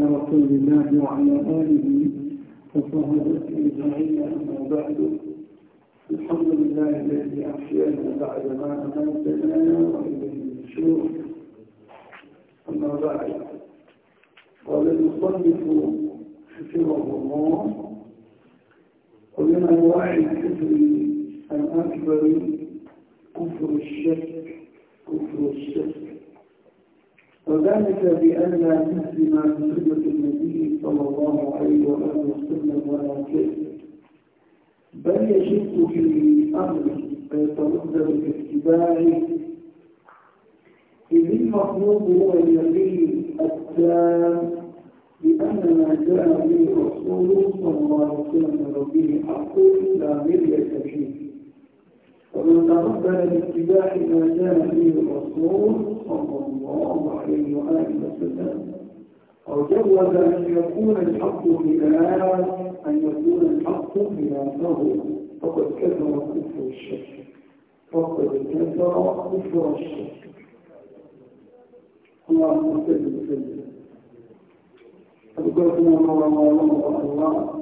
رسول الله وعلى آله وصحبه أجمعين أما بعد الحمد لله الذي أحيانا بعد ما أماتنا وإليه النشور أما بعد قال المصنف حفظه الله ومن أنواع الكفر الأكبر كفر الشك كفر الشك وذلك بأن تسلم بسنة النبي صلى الله عليه وآله وسلم ولا شيء، بل يشك في أمر فيتردد اتباعه، إذ المطلوب هو اليقين التام لأن ما جاء به الرسول صلى الله عليه وسلم به حق لا مرية فيه ومن تقبل باتباع ما كان فيه الرسول صلى الله عليه وآله وسلم أو جوز أن يكون الحق بلا أن يكون الحق خلافه فقد كثر كفر الشك فقد كثر كفر الشك اللهم صل وسلم أذكركم الله الله الله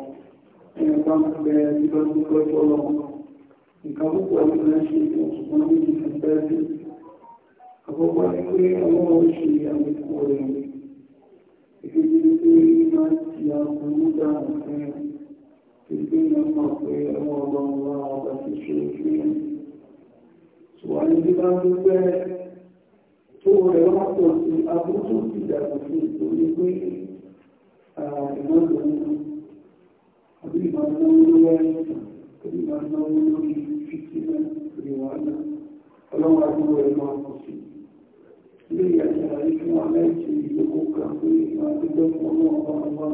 ẹ̀ka bẹ̀rẹ̀ ìbọn lọ́jọ́ lọ nǹkan púpọ̀ ní wọ́n ṣe fún ṣùgbọ́n ní ìlú bẹ́ẹ̀bí àkọ́kọ́ ní pé àwọn oṣù àmìkò rẹ̀ ìfẹ́jì ní pé máa ti àwọn nígbà fún ìgbé náà mọ̀ pé àwọn ọlọ́run wa ọba ti ṣe fún ẹ̀ ṣùgbọ́n ní bí wọ́n tó rẹ̀ wọ́n pọ̀ sí abúrú tó ti dàgbà fún ìtòrí pé torí máa ń náwó lórí ẹni torí máa ń náwó lórí fìtínà torí wàhálà ọlọ́wọ́ àdúgbò ẹ̀ máa kù sí ilé ìyàtọ̀ àrí fún wa láìsí ìlókò kan pé máa dúpẹ́ fún ọlọ́wọ́ ọba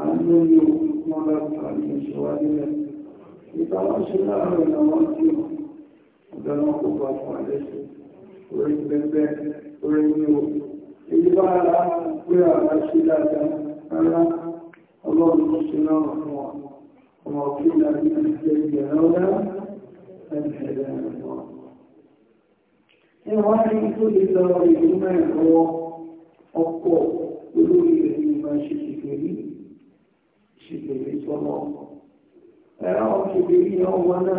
àánú ni ó máa bá àmì ìṣòwò nílẹ̀ nípa wọn ṣe ọlọ́run ṣe náà ووكيل من الجيد لولا الهدانا الله ìwádìí tó lè lọ ìrìnà ẹ̀rọ ọkọ̀ olórí ẹ̀yìn ìmọ̀ ṣèṣègbèrí ṣèṣègbèrí sọ́lọ́ ẹ̀rọ ṣèṣègbèrí ọwọ́ náà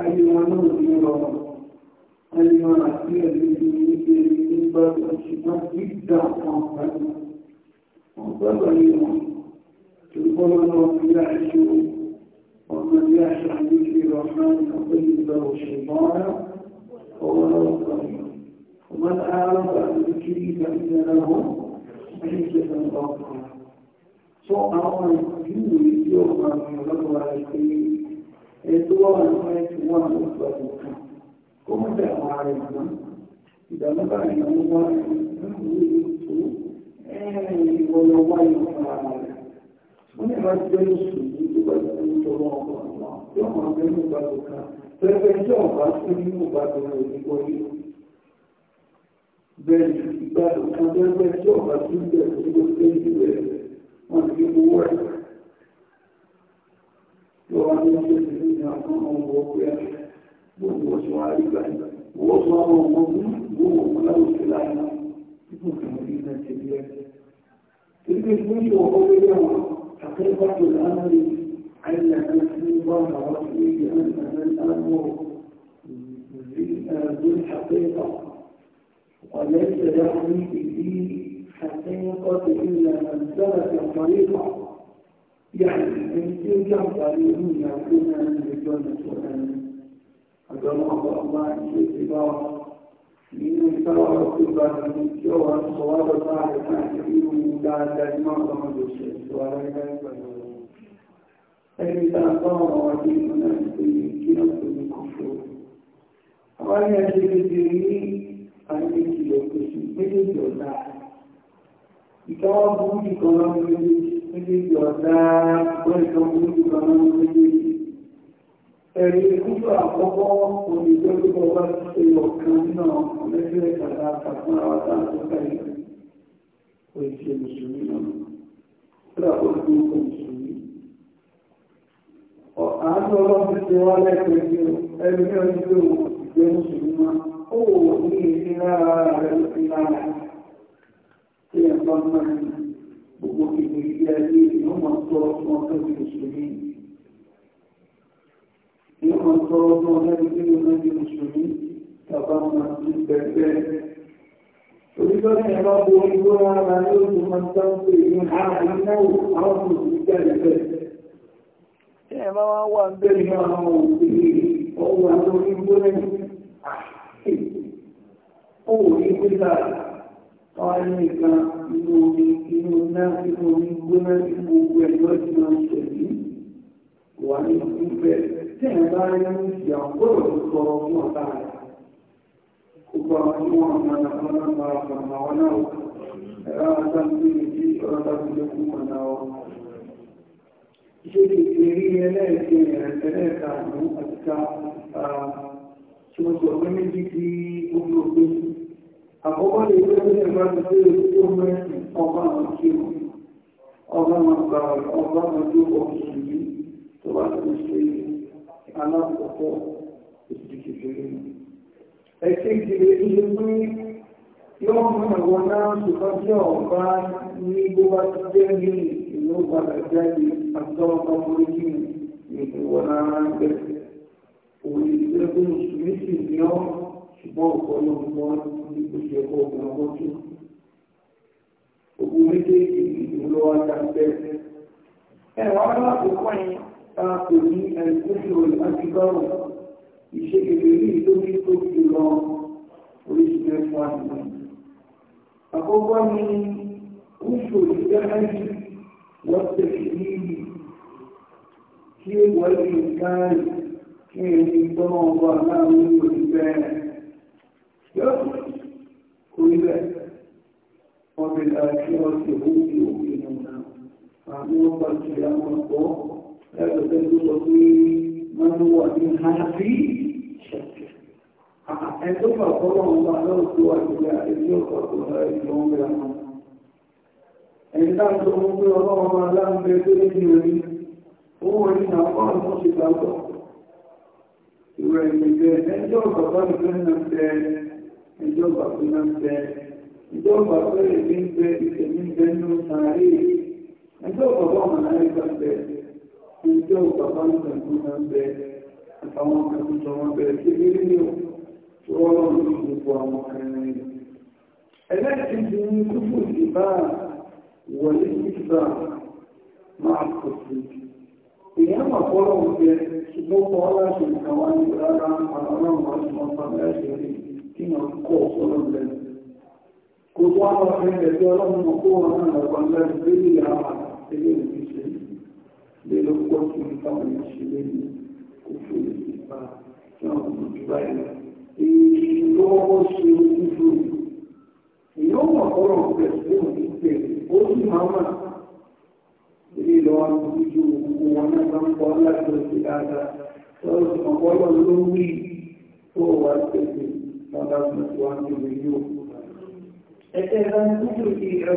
ayé wọn náà ní rọrùn ayé wọn àti ẹ̀rí ní ilé nígbà ṣùgbọ́n dídà kan pẹ̀lú wọn gbọ́dọ̀ ní wọn يقول من يعش ومن يعش عن ذكر الرحمن يضل له شيطانا وهو له قريب ومن أعرض عن ذكري فإن له عزة ضاقة So our view is your one, not what I see. It's the one that makes one look like you come. Como é a área humana? Então, não vai, não vai, não vai, não vai, não vai, não vai, não vai, não vai, wọ́n ní ọmọ ọgbẹ́ ọmọ حقيقة الأمر أن أن الله لي أن الأمر ذو الحقيقة وليس يعني في حقيقة إلا من سلك الطريقة يعني إن تلك الطريق يكون أن يكون سؤال أدعو الله أن يكون nínú ìtọ́lọ́wọ́ tó bá ti tí ó wà ń sọ wá lọ bá rẹ̀ láti irú dáadáa ní máa bá lọ ṣe ìṣọ́ ara ẹgbẹ́ pẹ̀lú ẹni tá a bá wọn wá dé inú náà ti pé kí náà tó méjèèjì méjèèjì ọ̀dà gbọ́ ìtọ́wọ́ burúkú kan méjèèjì ẹ̀rí kúrò àkọ́kọ́ olùgbẹ́gbẹ́ ọba ti ṣe ọ̀kan náà lẹ́gbẹ́ ìtàdá àtàkùn àwọn àtàkùn ẹ̀yìn kò ṣe mùsùlùmí náà kúrò àkọ́kọ́ olùgbẹ́ mùsùlùmí àánú ọlọ́pù ti wá lẹ́gbẹ́ ní ẹni ní ọdún tó ìgbẹ́ mùsùlùmí máa ó wò ní ìní lára rẹ̀ ló fi lára tí ẹ̀ bá máa gbogbo ìgbèrè ilé ayé ìwọ́n máa tọ́ ọmọ tó ti mùsùlùmí yóò máa tọrọ ọmọ ọlẹ́ni tí ó lẹ́ni mùsùlùmí tàbá máa ti bẹ̀rẹ̀ torí bá ní ẹ̀rọ bo ìwé ara ní oṣù máa ń dáńpé ní ara ìnáwó àwọn mùsùlùmí jáde bẹ́ẹ̀. ṣé ẹ máa wà ń bẹ̀rẹ̀ ní àwọn òṣèlú ọwọ́ àwọn onígbó lẹ́yìn owó ní pípa wọn ní nǹkan inú omi inú náà inú omi gbóná inú gbogbo ẹ̀yọ́ ti máa ń ṣẹ̀lẹ̀ wà ní ìfúnfẹ́ tí ẹ̀ bá rí ní ti àgbọ̀rọ̀ tó sọ fún ọ̀tá rẹ̀. Gbogbo àwọn tí wọ́n máa ń fọ́n náà máa fọ́n náà wọn náà ẹ̀rọ àtàkùn ní ti ọ̀rọ̀ tàbí lẹ́kùn wọn náà wọn. Ìṣèlú ìrírí ẹlẹ́ẹ̀kẹ́ ẹ̀rẹ̀ẹ́ta àmú àti ká tí wọ́n sọ pé méjì tí ó ń àkọ́kọ́ lè pẹ́ ní ẹ̀rọ àti pé ó mẹ́rin ọba àwọn kí ọba àwọn ọba àwọn tó tó bá ti ṣe alákọ̀ọ́kọ́ ìsìnkìfèrè ẹ̀kẹ́ ìdílé ilé pé yóò mú àwọn náà ṣùgbọ́n ọ̀bá ní bó bá ti jẹ́ ní ìlú padà jáde àtọ́ọ̀kọ́ orí ìlú wọn náà ń bẹ̀ òun ìgbẹ́ tó mùsùlùmí sì ní ọ́ ṣùgbọ́n ọ̀pọ̀lọpọ̀ ní oṣù ẹ̀kọ́ ọ̀gbọ̀n ọgbọ́n tó ogun méjèèjì ìlú lọ́wọ́ táàkù ní ẹ̀kúrò ìlàtíkọ́rù ìṣe ìrírí tó ní tó fi lọ oríṣi mẹ́fà nìyà àkọ́kọ́ ni kúṣò ìjẹ́mẹ́jì wọ́n tẹ̀sí níbi kí wọ́n lè káàrì kí ẹni gbọ́nà ọgbà láàrin òṣìṣẹ́ rẹ̀ yóò kò rí bẹ́ẹ̀ wọ́n bẹ̀rẹ̀ àti ọ̀sẹ̀ òkè òkè náà àwọn ọgbà ìṣẹ̀lẹ̀ àwọn ọkọ̀ ẹgbẹ́ pẹ̀lú sọ pé wọ́n ń wọ̀ ní hàbí ẹgbẹ́ pàpọ̀ lọ́wọ́ bá lọ́wọ́ tó wà nígbà ẹgbẹ́ ọ̀pọ̀ tó rẹ̀ ìfọ̀n bẹ̀rẹ̀ wọn. ẹ̀yìn táwọn tó mú pé ọlọ́wọ́ máa láǹbẹ tó ní ní orí owó orí náà kọ́ ọ̀nà ṣe sàárè ẹjọ́ bàbá ọmọ náà ń bẹ ìjọ bàbá nìkan tó máa ń bẹ àtàwọn kan wọn bẹ̀rẹ̀ sí ilé ní ò tó àwọn ẹ̀rìn rẹ̀. ẹlẹ́ẹ̀kejì ní kúfù ìbá wọlé ìgbà máa kò sí. èèyàn mà fọ́lọ́ ṣùgbọ́n kọ́ láti nǹkan wá ní rárá àwọn ọlọ́run wá sí wọn bá bẹ́ẹ̀ ṣe rí kí wọn kọ́ fọ́lọ́ lẹ́nu. kò tó wá lọ sí ẹgbẹ́ ọlọ́run mọ̀ kó wọn náà lọ́gbọ́n lẹ́nu lórí àwọn àti lérò pọ̀ sí ìfàwọn ìṣẹ̀lẹ̀ yìí kò fún ìfipá tí wọ́n mú jù báyìí lọ. Èyí ló wọ́n ṣe ojú fún mi. Ìyá ọmọ ọ̀rọ̀ rẹ̀ ló ń gbẹ̀ ó sì máa mà. Ilé lọ wá ní ojú òkú wọn náà máa ń kọ́ láti ọ̀sẹ̀ dáadáa. Sọ́ọ́ sì mọ̀ bọ́lọ̀ ló ń tó wà tẹ̀lé lọ́dà tó wà nínú ìlú. Ẹ̀kẹ́ ìlànà tó kù sí ẹ̀rọ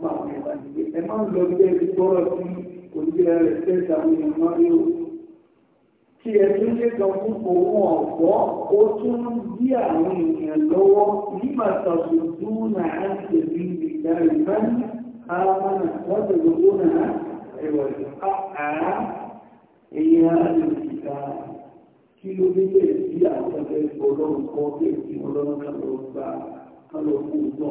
pa àwọn ẹ̀wà nígbè ẹ máa ń lọ bí ẹbí gbọ́rọ̀ sí onígbèrè rẹ̀ fẹ́ẹ̀sì àwọn èèyàn máa rí o kí ẹ tún lé gan fún owó ọ̀pọ̀ ó tún ń dí àwọn èèyàn lọ́wọ́ nígbà tàbí dúró náà bí ìgbà ìbáni ara wọn wọ́n náà ẹ̀wọ̀ ìfà èèyàn á lè kí ló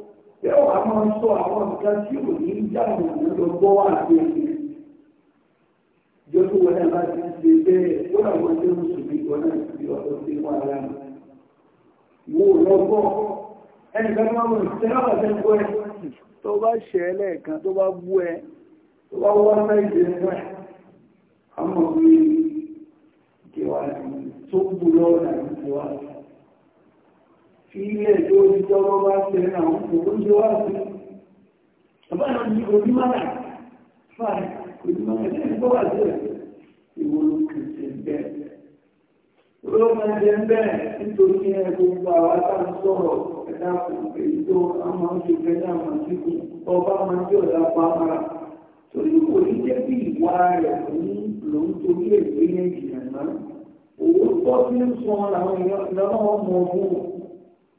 pé ọ̀rọ̀ sọ àwọn nǹkan tí ò ní wà sí ẹ̀yìn wọlé láti ṣe bẹ́ẹ̀ ó tó ń ọ̀tọ̀ sí wo lọ́gbọ́ ẹnì kan máa ń ṣe náà ṣe ń gbọ́ tó bá ṣẹ̀ lẹ́ẹ̀kan tó bá bú ẹ tó bá wọ́n fẹ́ ìdè ẹ̀ àmọ́ mi kí tó bú lọ́wọ́ náà kí kí ilé tó ti tọ́wọ́ bá tẹ̀lé àwọn òun jẹ́ wá sí ọbára ní onímọ̀rà fáì onímọ̀rà ní ẹgbọ́ wà sí ìwòrò kìtì bẹ́ rọ́mọdé bẹ́ẹ̀ nítorí ẹgbogbo àwọn sọ̀rọ̀ ẹ̀dàkùn èyí tó àmọ́ ṣe fẹ́lẹ́ àmọ́ sí kù ọba máa ń jẹ́ ọ̀dà pàmàrà torí kò ní jẹ́ bí ìwà rẹ̀ ní lòun torí èdè yẹn jìnnà náà òun tọ́ ń sọ làwọn ìlànà ọmọ ọmọ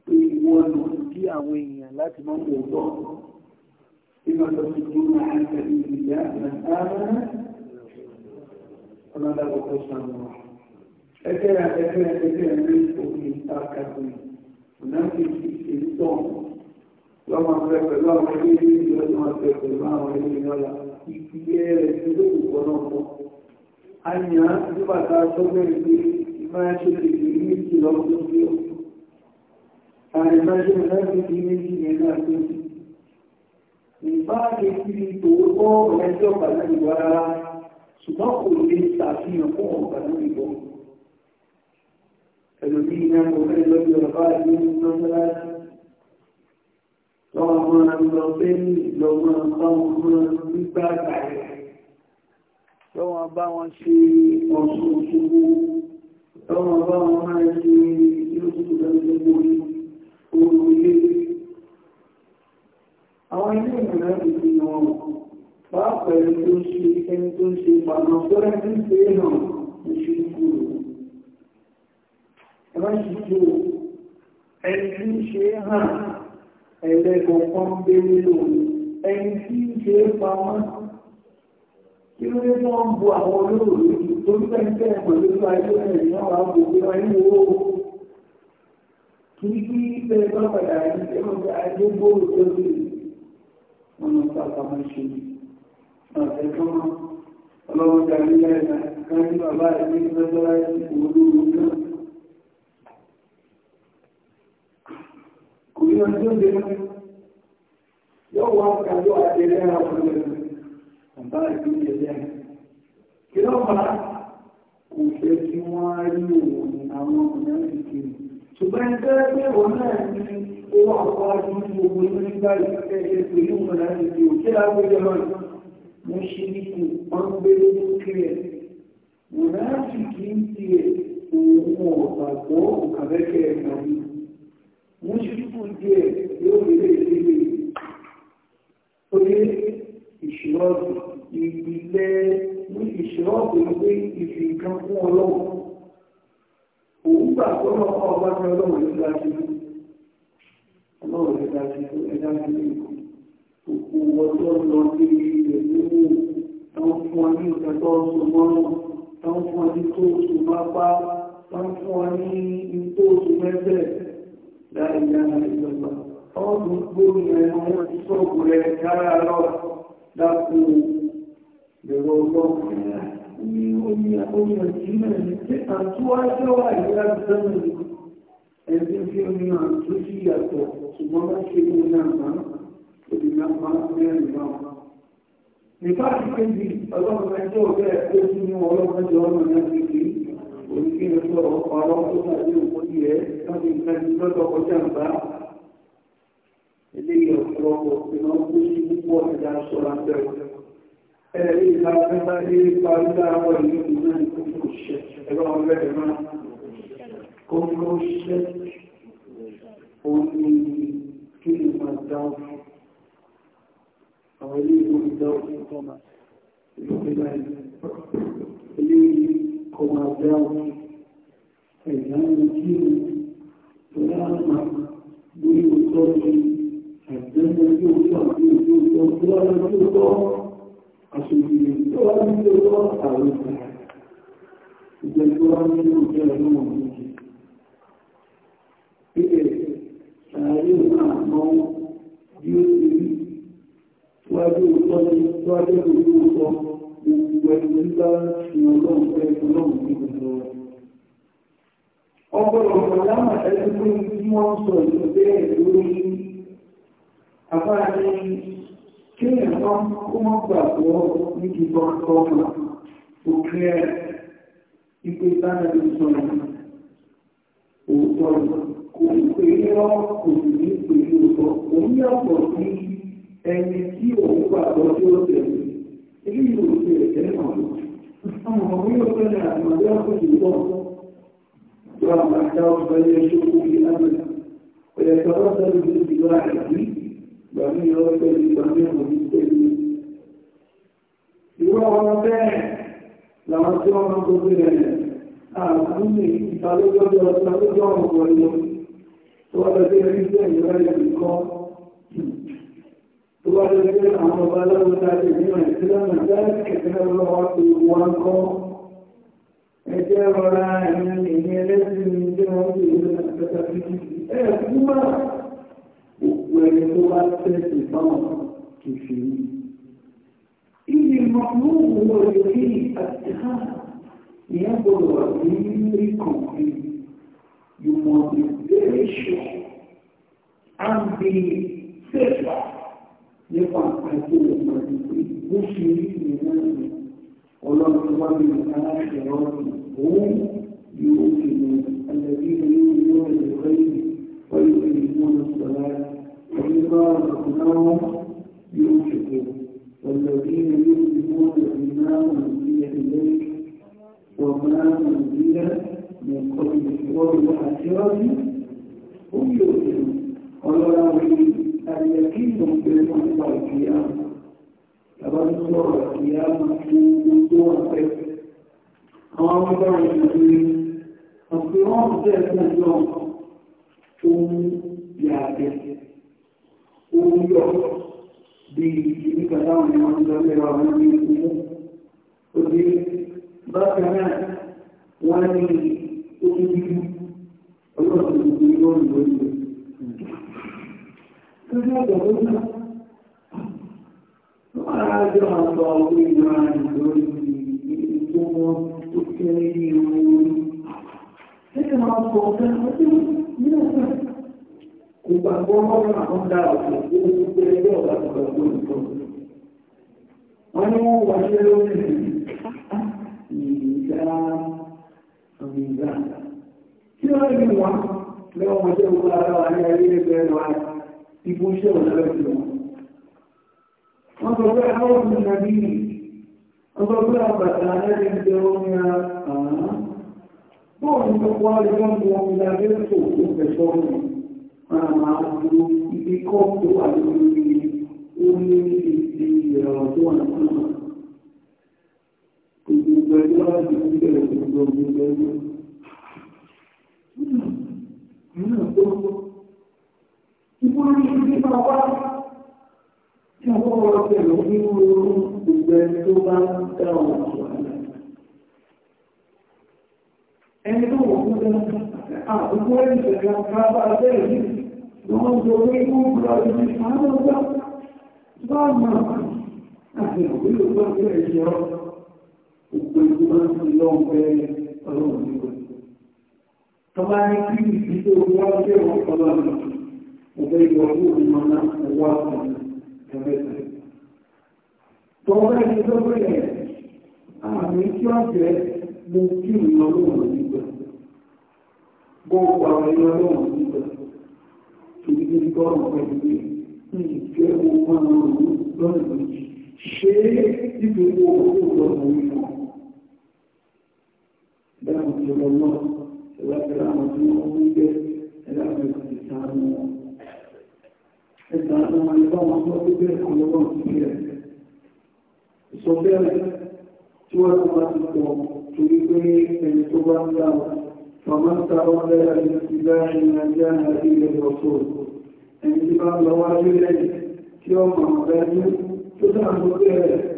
pé wọ́n lò kí àwọn èèyàn láti máa ń wò lọ nígbà tó ti dúró máa ń tẹ̀lé ìgbà àmàlà ọlọ́dàbọ̀ tó sàmù ẹgbẹ́ ẹgbẹ́ ẹgbẹ́ ẹgbẹ́ òkè ìtàkàtì ìnáfi ìṣèlú tán lọ́wọ́ fẹ́ pẹ̀lú àwọn ilé ìlú ọdún ọ̀fẹ́ pẹ̀lú àwọn ilé ìlú ọ̀la ìpìlẹ̀ rẹ̀ ti ló wù kọ́ náà pọ̀ àyàn nígbà tá a tó bẹ̀rẹ̀ pé máa ṣe lè rí ìlọ́gbọ́n sí ọ̀pọ̀ àìbájẹ́ láti méjì ẹ̀nà tó ti. Ìbáàdé tí tòótọ́ ẹjọ́ pàtàkìwà rárá, ṣùgbọ́n kò lè ṣàfihàn fún ọ̀pàtàkìwà. Ẹlòmí iná kò lọ́jọ́ ọ̀pá àti mọ́sálásí. Lọ́wọ́ máa ń lọ pé ní ìlọ́wọ́ bá wọn máa nígbà àgbàyà. Lọ́wọ́ bá wọn ṣe ọ̀ṣun òṣogbo. Lọ́wọ́ bá wọn máa ṣe ìlú òṣogbo oru ilé àwọn ilé ìrìnà ìdí wọn pàápàá ẹni tó ń ṣe ẹni tó ń ṣe pàmò sọ́rẹ́ tí ń pè náà ní ṣe kúrò ẹ̀rọ ìṣíjú ẹni tí ń ṣe hàn ẹ̀lẹ́kọ̀ọ́kan bẹ́ẹ̀ lò ẹni tí ń ṣe pamọ́ kí ló dé wọ́n bu àwọn olóòrùn tó ń tẹ́ńtẹ́ níbi bẹ́ẹ̀ bá padà yìí tí wọ́n fi ayé gbóòrò lórí wọn lọ sí àpamọ́ ṣe ní ọ̀sẹ̀ tó mọ́ ọlọ́wọ́ darí láìka ká ní bàbá ẹgbẹ́ ìgbẹ́jọ́ láì sí olóró náà. kò yọ ọjọ́ ìdè náà yóò wá kájọ àjẹrẹ àwọn ẹgbẹ́ bàbá ìgbẹ́ ìjẹjẹ. kí ló fà á kò fẹ́ kí wọ́n rí òun àwọn ọmọ ti kiri ṣùgbọ́n ẹni tẹ́lẹ̀ pé òun náà ní owó àpá ju gbogbo inú nígbà ìfẹ́ ètò ìlú mọ̀lá ìdí òkè lágbèjọ náà mo ṣe ní kò wọ́n gbé lókè ẹ̀ mọ̀lá sì kì í ti ẹ̀ òun ọ̀gbàgbọ́ òkàbẹ́kẹ̀ ẹ̀ mọ̀ ní mo ṣe ní kò díẹ̀ yóò lè lè lè ó lé ìṣòro ìgbìlẹ̀ ìṣòro ìgbé ìfìkan fún ọlọ́run nígbà tó lọ kọ́ ọba ní ọlọ́run ló ga sí ọlọ́run ló ga sí ẹ̀dá sí òkú ọjọ́ lọ sí ilẹ̀ nínú táwọn fún ọ ní ìtẹ́tọ́ sọmọ́rùn táwọn fún ọ ní tó oṣù pápá táwọn fún ọ ní tó oṣù mẹ́fẹ̀ láì yára ìjọba ọdún gbóyè ẹnu wọn ti sọ̀kù rẹ̀ yára lọ dákú ìrọ̀ ọlọ́run ní omi omi ọ̀tí náà ní pé àtúwájọ́ wà ìlera gbọ́nà ẹgbẹ́ fi omi àtú sí yàtọ̀ ṣùgbọ́n bá ṣe ní náà máa òdì náà máa mẹ́rin náà nípa àtìkéjì ọlọ́run ẹjọ́ ọ̀gá ẹ̀kọ́ sí ní ọlọ́pẹ́jọ ọmọ náà ti púpọ̀ ìdá sọ́ra bẹ́ẹ̀ ẹ̀rí ìlànà ní pàrídà àwọn ìlú ìlú kòkòrò ṣẹ́ ẹ̀rọ ọlẹ́rẹ̀ máa kòkòrò ṣẹ́ orí kí ni máa dáun àwọn ilé ìlú ìdáun ìtọ́mà ìlú ìlú ilé kọmà dáun ẹ̀yàn kí ni tó láàmà lórí òtọ́ ni ẹ̀dẹ́gbẹ́ yóò tọ́ àti òtọ́ aṣojú tó wá ní ọjọ́ àwọn ìgbẹ̀ tó wá ní ọjọ́ ẹ̀rọ ọ̀gbìn pípẹ̀ ṣàárẹ̀ náà mọ́ bí ó ti rí tíwájú òótọ́ ní tíwájú òótọ́ gbogbo ẹni bá ṣe ọlọ́run pẹ́ ọlọ́run ní gbogbo rẹ̀ ọgbọ́dọ̀ ọ̀làmà ẹni pé tí wọ́n sọ ìlú bẹ́ẹ̀ lórí àbáyé quem é mọ́ gbàgbọ́ níbi tọ́kọ̀tọ́kọ̀ kò kílẹ̀ o ìtànàbí sọ̀rọ̀ o kò pè o rọ́ kò o ní pè é meu òun yàtọ̀ sí ẹni o que gbàgbọ́ tí ó tẹ̀lé ilé não ti ẹ̀jẹ̀ não lọ. Àwọn ọmọ yóò fẹ́rẹ̀ àti màdé àkójù pọ̀. Ìjọba àti àwọn ọmọ ẹgbẹ́ ṣókòó fi lábẹ́. Ọ̀yẹ̀kọ̀ lọ́sọ̀rọ̀ ìlú ti lọ ìgbàmí ìrọ́ tẹ́lẹ̀ ìgbàmí ìrọ̀ ní tẹ́lẹ̀ ìwọ́ ọmọ bẹ́ẹ̀ làwọn tí wọ́n tó bẹ̀rẹ̀ àkúnlẹ̀ ìtàlójọ́jọ́ ìtàlójọ́ ọ̀pọ̀ ìlú tó wá lọ sí ẹni tí ẹ̀yìn rẹ̀ lè kọ́ tó wá lọ sí àwọn ọba aláwọ̀ tàbí ní nàìjíríà nàìjíríà kẹ̀kẹ́ lọ́wọ́ tó wọ́n ẹ̀yìn gbogbo ẹni tó bá tẹ̀sí náà kìfì ní. Ibi mọ̀mú wo èyí àti ha ìyẹn gbọdọ̀ ní rí kọ̀ọ̀kan. You must be very sure and be safer nípa àti ìgbà ìgbà bó ṣe rí ìrìnà rẹ̀. Ọlọ́run wá ní aláṣẹ ọ̀rọ̀ òun yóò fi mọ̀ ẹlẹ́bí ní ìlú ìlú rẹ̀ wọ́n yóò fi mọ̀ ọ̀sán láti. وإذا رزقناهم ينفقون والذين يؤمنون بما أنزل إليك وما أنزل من قبلك وبالآخرة هم يؤمنون ولولا اليقين بالمحضر القيامة تبصر القيامة وضوء قامدر المسلمين الصراط ذات اليوم ثم يعبد yọ bí nípa táwọn ẹ̀mọ́ ń lọ lẹ́rọ àwọn ní ìlú òbí bákan náà wọ́n ní ojú bíbú ọlọ́run ní ìlú òyìnbó ìlú. Lójú ọ̀dọ̀ tó náà, wọ́n á jọ àgbà owó ìlú àrùn lórí ìlú wọn tó kéré ní ìlú orí. Ṣé kí wọ́n kọ̀ ọ̀gá ọdún ní ọ̀sán? Gbogbo àwọn ọmọ náà wọ́n dára ọ̀sẹ̀ tó ń gbé ẹgbẹ́ ọ̀gá tó lọ sí olùkọ́. Wọ́n ní wọ́n wà sí lórí ìgbà ìgbà. Kí ló rí wá lọ́wọ́ wọn jẹ́ gbogbo ara wa ní ayé ẹgbẹ́ wa ibú iṣẹ́ ọ̀nà rẹ̀ sí wọn. Wọ́n sọ pé àwọn ọmọ nàbí wọ́n sọ pé àbàtà ẹni jẹ́ omi àhán. Bọ́ọ̀lù tó wá lè wọ́n mú omi lábẹ́ tó kó ibi kọ́ọ̀kọ́ wà lórí orí ìdí ìràwọ̀ tó wà náà gbogbo ẹgbẹ́ wá sí ìbẹ̀rẹ̀ gbogbo ẹgbẹ́ Ìgbóni ìdí máa wá tí a kọ́kọ́ lọ pẹ̀lú nínú gbogbo ẹni tó bá ń dá ọ̀nà ṣùgbọ́n. Ẹni tó wọ̀ fún ẹni àgbogbo ẹni tẹ̀lé ọ̀pá bá bẹ́ẹ̀ yìí Wọ́n Gbogbo àwọn ìlú ọlọ́run nígbà torí ní gọ́ọ̀rùn pẹ̀lú pé ní ìfẹ́ owó máa ń rò lọ́nà méjì ṣe nítorí owó lọ́nà orí kan dáhùn tí ọmọ náà wọn ومن تولى الاتباع ما كان فيه الرسول انتباه لواجب اليه يوم مبادئ تدعم ذلك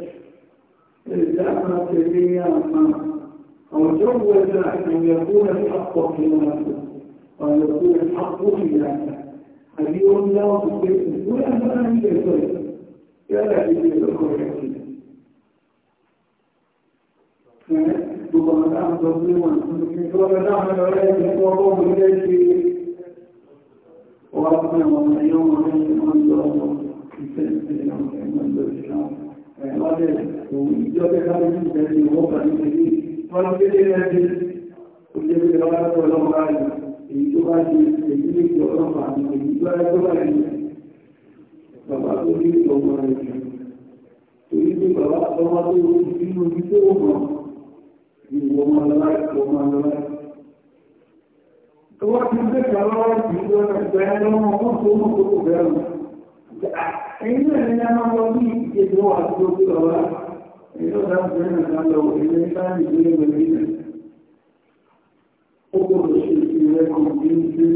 الدعوة السرية أما أو جوز أن يكون الحق في نفسه وأن يكون الحق في نفسه حديث لا تثبت ولا فلان يثبت يا لا يثبت الكفر gbogbo àwọn àwọn tó ní wọn ìfọwọ́pẹ́ náà lọ rẹ̀ ní ọkọ̀ òun ilé ṣe ọwọ́ fún àwọn ẹ̀yọ́ wọn ní wọ́n lọ ìfẹ́ ìfẹ́ àwọn ẹ̀yọ́ lọ ìṣàwọn ẹ̀lọ́dẹ̀ òun ìjọ́pẹ́ láti ní ìfẹ́ ní ọwọ́ pàdé pẹ̀lú wọ́n ti lé lẹ́gbẹ́ òjèlú ìrọ̀lọ́pọ̀ ọlọ́pàá rẹ̀ èyí tó bá ti èyí lè fi ọlọ́pàá èyí tó rẹ̀ tó bá rẹ̀ bàbá tó ní ọmọ rẹ̀ torí pé bàbá ọmọ tó rú nínú ibi tó wọ́n ìwò máa lọ́lá ìwò máa lọ́lá. Tó wá ti gbé kàlọ́ ìwò ẹgbẹ́ lọ́wọ́ wọ́n tó mọ́ kókò bẹ́ẹ̀ lọ. Ẹ̀yìn náà ni a máa lọ bí ìdíje wà tó tó lọ́wọ́. Èyí ló dá sí ẹ̀rọ kan lọ ilé sáà ìgbélé pẹ̀lú ilẹ̀. Ó gbọ́dọ̀ ṣe ìṣẹ̀lẹ̀ kan kí ń ṣe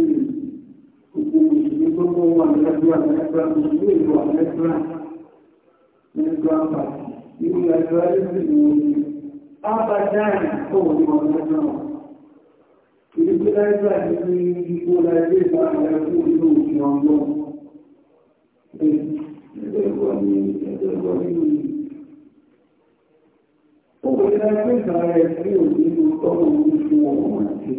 gbogbo ìṣẹ̀lẹ̀ tó kọ́ wà lẹ́gbẹ̀ẹ́ àmẹ́gbẹ́ ìṣẹ̀lẹ̀ ìlú àmẹ́gbẹ́ abadan tó ní ọ̀nà náà ìdíkú láìpẹ́ àti ní ipò láìpẹ́ ìbára fún ìlú òfin ọgbọ́n ẹgbẹ́gbọ́n ní ẹgbẹ́gbọ́n nínú ó wọ́n yẹ láìpẹ́ ìbára ẹgbẹ́ òní ní tọ́lọ̀ ní fún ọmọ àti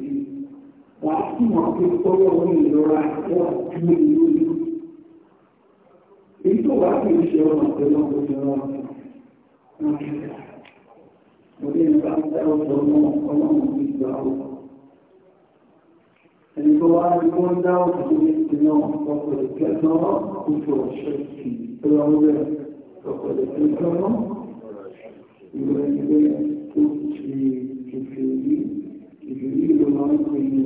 wà á sì mọ̀ pé tọ́lọ̀ ní ìlọ́ra wọ́n ju ìlú ìlú èyí tó wà á sì ń ṣe ọmọ pẹ̀lú ọmọ ìlọ́ra Mọ̀lẹ́ nípa ń tẹ́lọ sọ̀rọ̀ ọlọ́run ní ìgbà ọ̀pọ̀. Ẹni tó wá ní wọ́n dá ọ̀pọ̀ tó ní ìpínlẹ̀ ọ̀pọ̀ ìkẹ́ẹ̀tọ́ oṣù ọ̀ṣẹ́ sí ẹ̀rọ ọ̀rẹ́ ọ̀pọ̀ ìkẹ́ẹ̀tọ́ ìwé ìwé tó ti kèfèrí kèfèrí ló máa ń pè ní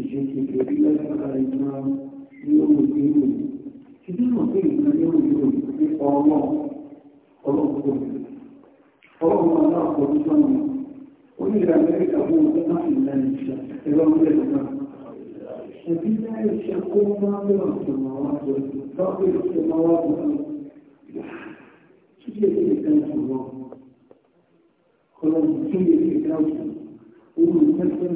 ìṣe kèfèrí lẹ́sàrà ìgbà yóò gbé ìwé. Ṣé bí wọ́n pè ní ìgbà yóò gbé ìwé nípa ọlọ́run ọlọ́run ọlọ́run ọ̀nà àpòjútọ́ ni ó ní ìrìn amẹ́ríkà fún ọdún láti ilẹ̀ ìṣẹ́ ẹ̀rọ ilẹ̀ ìgbà ẹ̀bí náà ìṣẹ́ kó máa ń lọ sí ọmọ wa jọ lọ́pẹ́ ìṣẹ́ máa wá bọ̀ sí ṣíṣe ìṣẹ́ ìṣẹ́ ìṣòro ọlọ́run tí ó lè dá òṣù owó ìṣẹ́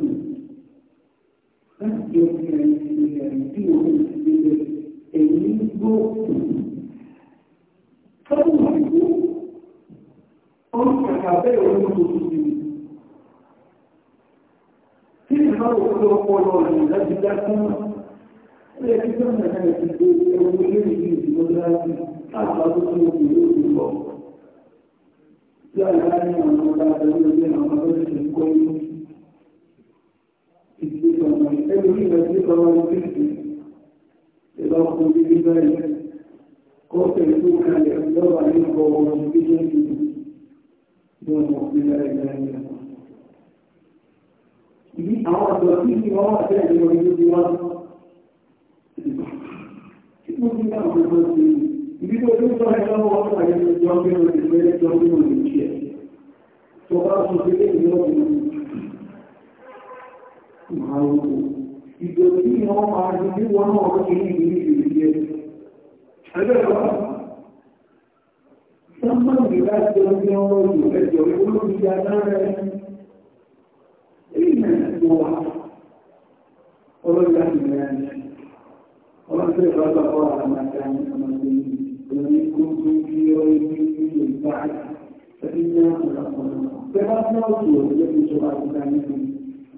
àbẹ́ òun tó ti di. Kí ni máa wò ló pọ̀lọ̀ rẹ̀ láti dá fún ilé ẹni tó ń rẹ̀ ti dé ewu ilé ìlú ìdìbò láti àgbà tó tún omi ìlú ìlú lọ. Bí àyà ní àwọn ọ̀gá àtàwọn ilé àwọn abẹ́rẹ́ ti kọ́ inú. Ìdílé sọ̀rọ̀ ẹni orí rẹ̀ ti sọ̀rọ̀ ní bíìsì. Ìlọ ọkùnrin bíbí bẹ́ẹ̀ kọ́ pẹ̀lú kalẹ̀ lọ́wọ́ àyíkọ̀ ọmọ ìgbésẹ̀ ìlú yóò tí wọ́n máa ń wọ́n náà wọ́n ní ìdílé ìdílé ẹgbẹ́ ìwọ́n Somebody will be back to the world to get your food, you are not ready. Amen. Ọlọ́run láti mẹ́rin ṣe. Ọlọ́run tó ìfẹ́ ọgbà ọ̀rọ̀ àwọn àtàrí ọmọdé lórí kúrú kí ó rí ní ìgbà àti ní ọ̀pọ̀lọpọ̀. Bẹ́bá tí ó kù ó jẹ́ ìjọba àti àyíkú,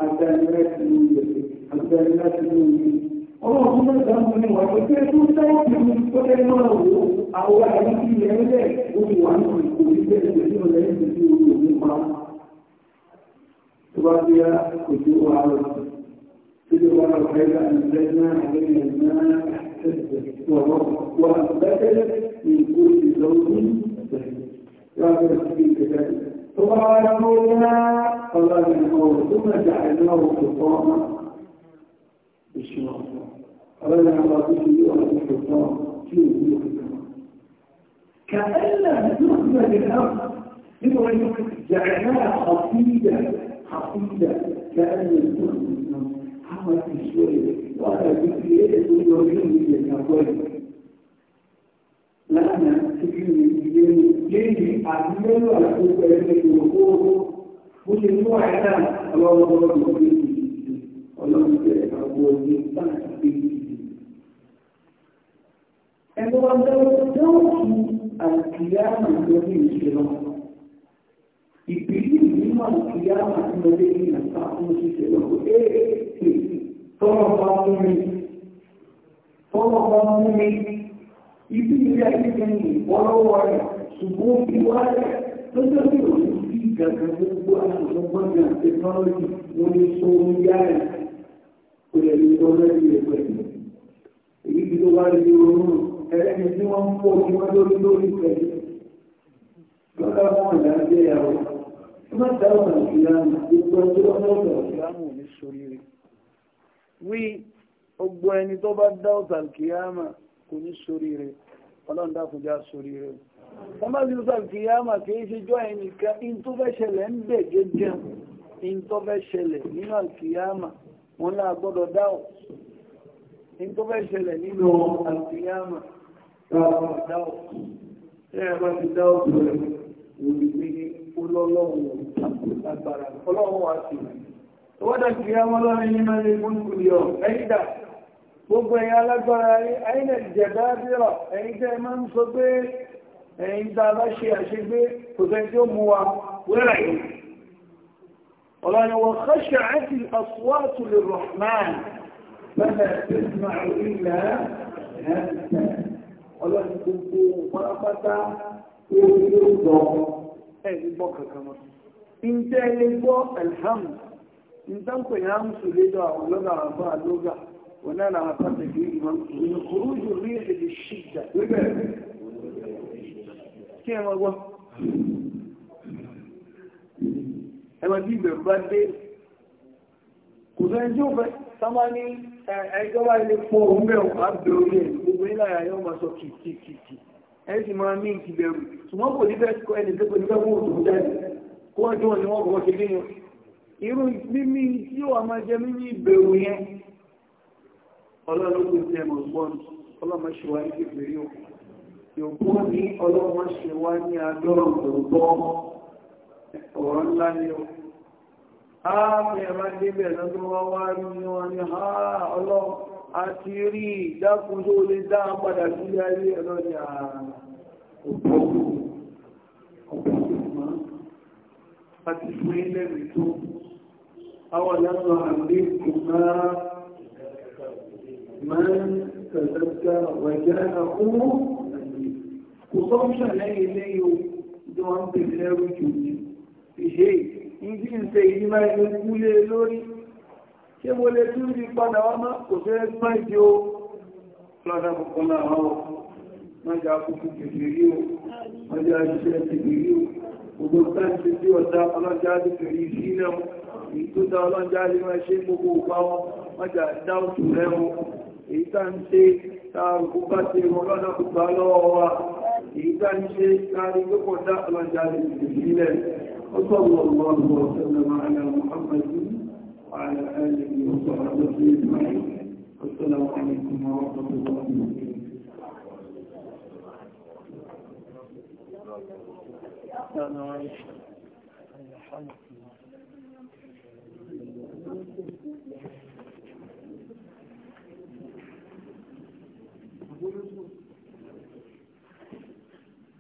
àtàrí láti ní ìgbẹ̀rẹ̀, àtàrí láti ní ìgbẹ̀rẹ̀ ọlọ́run tó bẹ̀rẹ̀ sọ́nà ní wà pé pé tó sẹ́yìn tó ní tó lẹ́yìn náà wò àwọn àyè tí ilẹ̀ ń lẹ̀ ó ti wà nínú ìkó ìgbẹ́ ìgbẹ́ tí ó lẹ́yìn tó ti wò ní pa. tó bá bí a kò tó wà lọ sí tó wà lọ fẹ́ ká ìgbẹ́ náà àgbẹ̀ yẹn náà tọ̀rọ̀ wà bẹ́ẹ̀ ní ìkó ìlọ́wọ́ ní ìgbẹ́ lábẹ́ sí ìgbẹ́ tó bá wà lọ́wọ́ náà ọlọ́run ọ̀rọ̀ tó mẹ́ta ẹ̀ náà ò ولا عواطفه ولا الحصان في وجوه السماء كأن لم تخرج الأرض لما جعلناها خطيئة خطيئة كأن لم الأرض حملت شوية وأنا بكريت ويوجدني الأول لأنا تكلمي ليه أعمل على كل بيانك وقوله وشنو إعلان اللهم صل على محمد اللهم صل على محمد ẹni wọ́n bẹ́ẹ̀ dáhùn àkìyàmà lórí ìṣẹ́lọ. Ìpìlẹ̀ ìgbìmọ̀ àkìyàmà lórí ìnàfà fún ìṣẹ́lọ. Ee tọ́lọ̀ bá mú mi. Tọ́lọ̀ bá mú mi. Ibi ilé ayé ni ìwọ́lọ́wọ́ rẹ̀ ṣùgbọ́n bí wá rẹ̀ lọ́jọ́ bí que sí ìgbàgbọ́ gbogbo àwọn ọgbọ́n tẹkinọ́lọ́jì wọn ní sọ orí yá rẹ̀ kò lè ní ọlọ́rin rẹ̀ pẹ̀lú. Èyí ti tó wá rí oorun ẹlẹ́ni tí wọ́n ń kó ojú wọn lórí lórí pẹ̀lú lọ́dọ̀ fún ọ̀nà ẹgbẹ́ ìyàwó tí wọ́n dá ọ̀nà ìsìlámù gbogbo ẹjọ́ lọ́dọ̀ ìsìlámù ní sóríire wí gbogbo ẹni tó bá dá ọ̀tà kìíyàmà kò ní sóríire ọlọ́run dákùnjá sóríire wọ́n bá ti ọ̀tà kìíyàmà kìí ṣe jọ ẹnìkan in tó fẹ́ ṣẹlẹ̀ ń bẹ̀ jẹjẹ in tó fẹ́ ṣẹlẹ̀ nínú àkìíyàmà wọn náà gbọ́dọ̀ dáhùn in tó fẹ́ ṣẹlẹ̀ nínú àkìíyàmà káàkiri dáwọ̀tì ṣé ẹ bá ti dáwọ̀tì rẹ̀ wò ní pé olólọ́wọ́ agbára ọlọ́wọ́ wa ti ìwọ́dà kìí amọ́lọ́rin yìí máa ní gbóngbò yọ ẹ̀yìndà gbogbo ẹ̀yà alágbára rí ẹ̀yìnà ìjẹ̀dá bírọ̀ ẹ̀yìn tẹ́ máa ń sọ pé ẹ̀yìn tá a bá ṣe àṣegbé kò fẹ́ tí ó mú wa wẹ́rà yìí ọlọ́rin wọ kọ́ṣẹ́ àti aswatu lirrahman fẹ́fẹ́ tẹ́sí máa rí ilẹ̀ ẹ̀ ọlọ́run gbogbo pátápátá yóò yóò gbọ́ ẹ̀ ní gbọ́ kankan mọ́. ǹjẹ́ ilé gbọ́ alham ǹjẹ́ pé ya ń sùn lédò àwọn lọ́gà àbá lọ́gà wọn náà làwọn pàṣẹ kì í mọ̀ ìkúrú jù rí èdè ṣìjà lébẹ̀ kí ẹ máa gbọ́. ẹ máa bí ìbẹ̀rù bá dé kò sẹ́ni tí ó fẹ́ sábà ní ẹjọ́ wá ilé pọ̀ òun bẹ̀rù àbẹ̀ orí gbogbo nílà ayọ́ máa sọ kìkìkìkì ẹ̀yìn sì máa ní ìkì bẹ̀rù ṣùgbọ́n kò ní bẹ́ẹ̀ kọ́ ẹni tó ní bẹ́ẹ̀ fún òṣù jáde kó wọ́n jọ ní wọ́n kọ́ ṣe lé irú mímí tí máa jẹ mímí ìbẹ̀rù yẹn ọlọ́run kò mọ̀ gbọ́n ọlọ́run ṣe wá ní ní ọlọ́run ṣe wá ní ọ̀rọ̀ ńlá ni ààfẹ́ ẹ̀mà débẹ̀ lọ́dún wá wá rí wọn ni ha ọlọ́ àti rí ìdákùnjó lè dá padà sí ayé ẹ̀lọ́ ni ah, Kò sọ́mṣà lẹ́yìn lẹ́yìn ìjọ ń pè lẹ́rù jù ní ìṣe ìṣẹ́ ìdí ìṣe ìdímọ̀ ẹni kúlé lórí ṣé mo lè tún rí padà wá mọ́ kò fẹ́ gbọ́n ìdí o lọ́dá kọ̀kan náà wọ́n mọ́já kúkú kèfèrí o mọ́já ṣiṣẹ́ kèfèrí o gbogbo sáàtì tí ọ̀dá ọlọ́jà ti fèrí sílẹ̀ èyí tó dá ọlọ́jà lè máa ṣe gbogbo òpá wọn mọ́já dá òtù rẹ̀ wọn èyí tá ń ṣe táàrù kó bá ṣe wọn lọ́dọ̀ kó lọ́wọ́ wa èyí tá ń ṣe táàrù gbogbo dá ọlọ́jà lè fèrí sílẹ̀ وصلى الله وسلم على محمد وعلى آله وصحبه أجمعين والسلام عليكم ورحمة الله وبركاته Thank you.